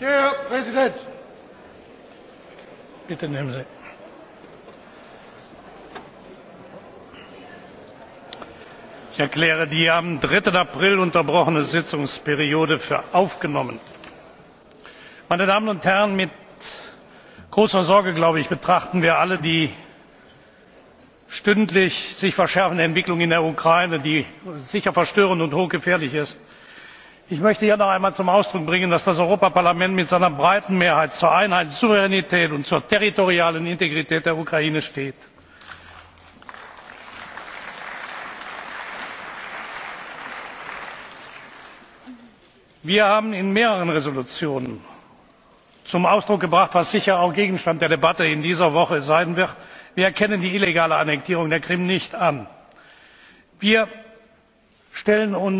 Herr Präsident! Bitte nehmen Sie. Ich erkläre die am 3. April unterbrochene Sitzungsperiode für aufgenommen. Meine Damen und Herren, mit großer Sorge, glaube ich, betrachten wir alle die stündlich sich verschärfende entwicklung in der ukraine die sicher verstörend und hochgefährlich ist ich möchte hier noch einmal zum ausdruck bringen dass das europäische parlament mit seiner breiten mehrheit zur einheit souveränität und zur territorialen integrität der ukraine steht. wir haben in mehreren entschließungen zum ausdruck gebracht was sicher auch gegenstand der debatte in dieser woche sein wird wir erkennen die illegale annektierung der krim nicht an. wir stellen